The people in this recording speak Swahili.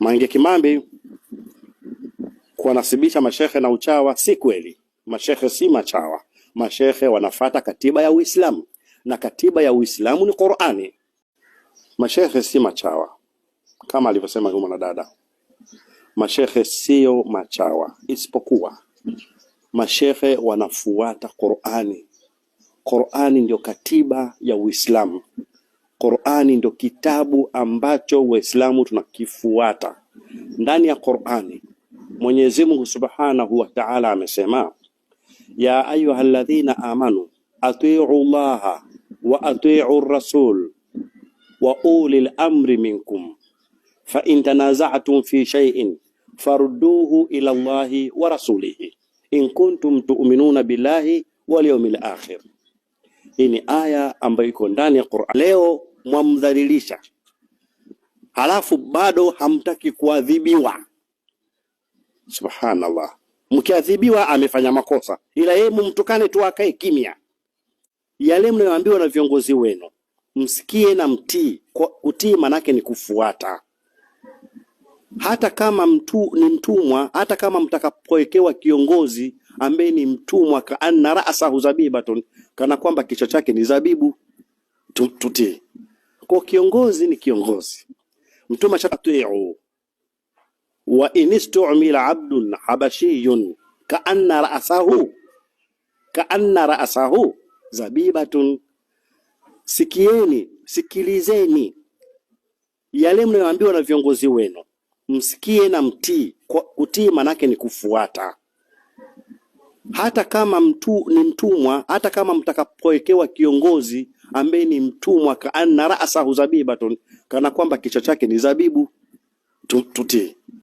Mange Kimambi kuwanasibisha mashehe na uchawa si kweli. Mashehe si machawa, mashehe wanafata katiba ya Uislamu na katiba ya Uislamu ni Qur'ani. Mashehe si machawa kama alivyosema huyu mwanadada, mashehe siyo machawa, isipokuwa mashehe wanafuata Qur'ani. Qur'ani ndio katiba ya Uislamu. Qurani ndio kitabu ambacho Waislamu tunakifuata. Ndani ya Qurani Mwenyezi Mungu Subhanahu wa Ta'ala amesema, ya alladhina amanu atiu llaha wa atiu rasul wa ulil amri minkum fa in tanaza'tum fi shay'in farudduhu ila llahi wa rasulihi in kuntum tu'minuna billahi wal yawmil akhir. Hii ni aya ambayo iko ndani ya Qur'an. Leo mwamdhalilisha, halafu bado hamtaki kuadhibiwa. Subhanallah, mkiadhibiwa amefanya makosa, ila yeye mumtukane tu akae kimya. Yale mnayoambiwa na viongozi wenu msikie na mtii. kutii manake ni kufuata, hata kama mtu ni mtumwa, hata kama mtakapowekewa kiongozi ambaye ni mtumwa, kaanna raasahu zabibatun, kana kwamba kichwa chake ni zabibu. Tutii. Kwa kiongozi ni kiongozi. Mtume ashatutiu wa inistumila abdun habashiyun kaanna raasahu kaanna ra'sahu zabibatun. Sikieni, sikilizeni yale mnayoambiwa na viongozi wenu, msikie na mtii. Kutii manake ni kufuata hata kama mtu ni mtumwa, hata kama mtakapowekewa kiongozi ambaye ni mtumwa, kaana raasahu zabibatun, kana kwamba kichwa chake ni zabibu, tutii.